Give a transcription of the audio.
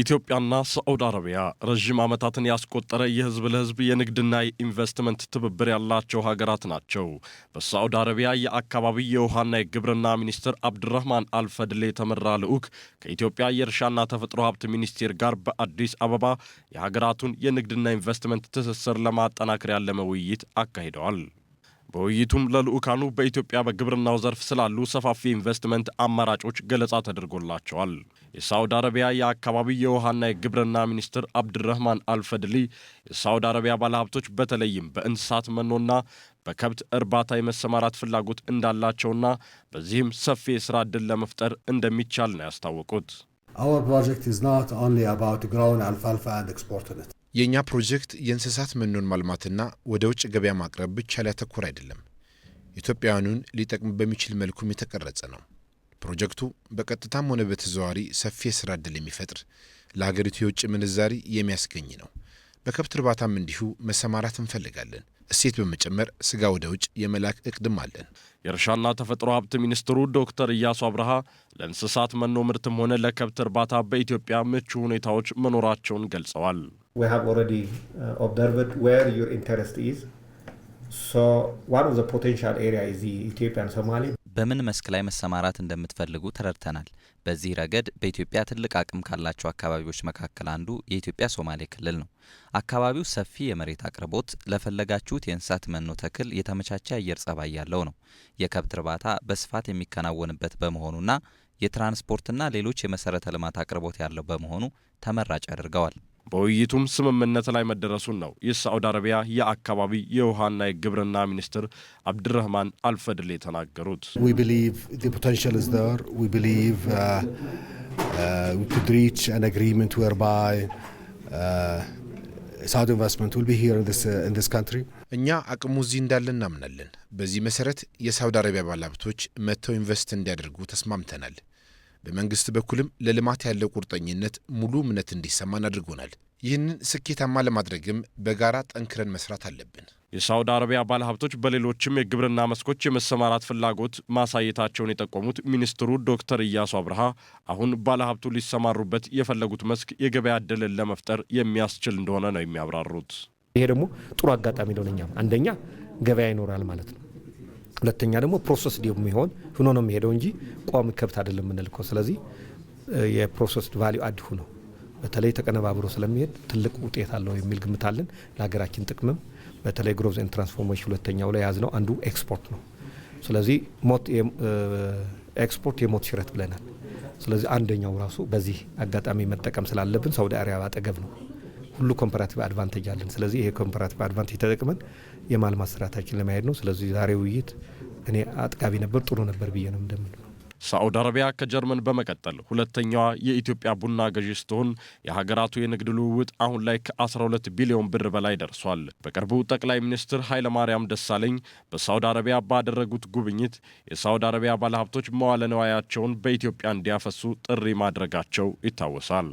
ኢትዮጵያና ሳዑዲ አረቢያ ረዥም ዓመታትን ያስቆጠረ የህዝብ ለህዝብ የንግድና የኢንቨስትመንት ትብብር ያላቸው ሀገራት ናቸው። በሳዑዲ አረቢያ የአካባቢ የውሃና የግብርና ሚኒስትር አብድራህማን አልፈድሌ የተመራ ልዑክ ከኢትዮጵያ የእርሻና ተፈጥሮ ሀብት ሚኒስቴር ጋር በአዲስ አበባ የሀገራቱን የንግድና ኢንቨስትመንት ትስስር ለማጠናከር ያለመ ውይይት አካሂደዋል። በውይይቱም ለልዑካኑ በኢትዮጵያ በግብርናው ዘርፍ ስላሉ ሰፋፊ ኢንቨስትመንት አማራጮች ገለጻ ተደርጎላቸዋል። የሳውዲ አረቢያ የአካባቢ የውሃና የግብርና ሚኒስትር አብድረህማን አልፈድሊ የሳውዲ አረቢያ ባለሀብቶች በተለይም በእንስሳት መኖና በከብት እርባታ የመሰማራት ፍላጎት እንዳላቸውና በዚህም ሰፊ የስራ ዕድል ለመፍጠር እንደሚቻል ነው ያስታወቁት። የእኛ ፕሮጀክት የእንስሳት መኖን ማልማትና ወደ ውጭ ገበያ ማቅረብ ብቻ ላይ ያተኮረ አይደለም። ኢትዮጵያውያኑን ሊጠቅም በሚችል መልኩም የተቀረጸ ነው። ፕሮጀክቱ በቀጥታም ሆነ በተዘዋዋሪ ሰፊ የስራ ዕድል የሚፈጥር ለሀገሪቱ የውጭ ምንዛሪ የሚያስገኝ ነው። በከብት እርባታም እንዲሁ መሰማራት እንፈልጋለን። እሴት በመጨመር ስጋ ወደ ውጭ የመላክ እቅድም አለን። የእርሻና ተፈጥሮ ሀብት ሚኒስትሩ ዶክተር እያሱ አብርሃ ለእንስሳት መኖ ምርትም ሆነ ለከብት እርባታ በኢትዮጵያ ምቹ ሁኔታዎች መኖራቸውን ገልጸዋል። we have already uh, observed where your interest is. So one of the potential area is the and Somali. በምን መስክ ላይ መሰማራት እንደምትፈልጉ ተረድተናል። በዚህ ረገድ በኢትዮጵያ ትልቅ አቅም ካላቸው አካባቢዎች መካከል አንዱ የኢትዮጵያ ሶማሌ ክልል ነው። አካባቢው ሰፊ የመሬት አቅርቦት፣ ለፈለጋችሁት የእንስሳት መኖ ተክል የተመቻቸ አየር ጸባይ ያለው ነው። የከብት እርባታ በስፋት የሚከናወንበት በመሆኑና የትራንስፖርትና ሌሎች የመሰረተ ልማት አቅርቦት ያለው በመሆኑ ተመራጭ አድርገዋል። በውይይቱም ስምምነት ላይ መደረሱን ነው የሳዑዲ አረቢያ የአካባቢ የውሃና የግብርና ሚኒስትር አብድረህማን አልፈድል የተናገሩት። uh, uh, uh, እኛ አቅሙ እዚህ እንዳለ እናምናለን። በዚህ መሰረት የሳውዲ አረቢያ ባለሀብቶች መጥተው ኢንቨስት እንዲያደርጉ ተስማምተናል። በመንግስት በኩልም ለልማት ያለው ቁርጠኝነት ሙሉ እምነት እንዲሰማን አድርጎናል። ይህንን ስኬታማ ለማድረግም በጋራ ጠንክረን መስራት አለብን። የሳውዲ አረቢያ ባለሀብቶች በሌሎችም የግብርና መስኮች የመሰማራት ፍላጎት ማሳየታቸውን የጠቆሙት ሚኒስትሩ ዶክተር ኢያሱ አብርሃ አሁን ባለሀብቱ ሊሰማሩበት የፈለጉት መስክ የገበያ ዕድልን ለመፍጠር የሚያስችል እንደሆነ ነው የሚያብራሩት። ይሄ ደግሞ ጥሩ አጋጣሚ ነው አንደኛ ገበያ ይኖራል ማለት ነው ሁለተኛ ደግሞ ፕሮሰስ የሚሆን ሁኖ ነው የሚሄደው እንጂ ቋሚ ከብት አይደለም የምንልከው። ስለዚህ የፕሮሰስ ቫሊዩ አድ ነው በተለይ ተቀነባብሮ ስለሚሄድ ትልቅ ውጤት አለው የሚል ግምት አለን። ለሀገራችን ጥቅምም በተለይ ግሮዝ ኤንድ ትራንስፎርሜሽን ሁለተኛው ላይ የያዝነው አንዱ ኤክስፖርት ነው። ስለዚህ ሞት ኤክስፖርት የሞት ሽረት ብለናል። ስለዚህ አንደኛው ራሱ በዚህ አጋጣሚ መጠቀም ስላለብን ሳውዲ አረቢያ አጠገብ ነው። ሁሉ ኮምፐራቲቭ አድቫንቴጅ አለን። ስለዚህ ይሄ ኮምፐራቲቭ አድቫንቴጅ ተጠቅመን የማልማት ስርዓታችን ለማሄድ ነው። ስለዚህ ዛሬ ውይይት እኔ አጥጋቢ ነበር፣ ጥሩ ነበር ብዬ ነው እንደምን ሳዑዲ አረቢያ ከጀርመን በመቀጠል ሁለተኛዋ የኢትዮጵያ ቡና ገዢ ስትሆን የሀገራቱ የንግድ ልውውጥ አሁን ላይ ከ12 ቢሊዮን ብር በላይ ደርሷል። በቅርቡ ጠቅላይ ሚኒስትር ኃይለማርያም ደሳለኝ በሳዑዲ አረቢያ ባደረጉት ጉብኝት የሳዑዲ አረቢያ ባለሀብቶች መዋለ ንዋያቸውን በኢትዮጵያ እንዲያፈሱ ጥሪ ማድረጋቸው ይታወሳል።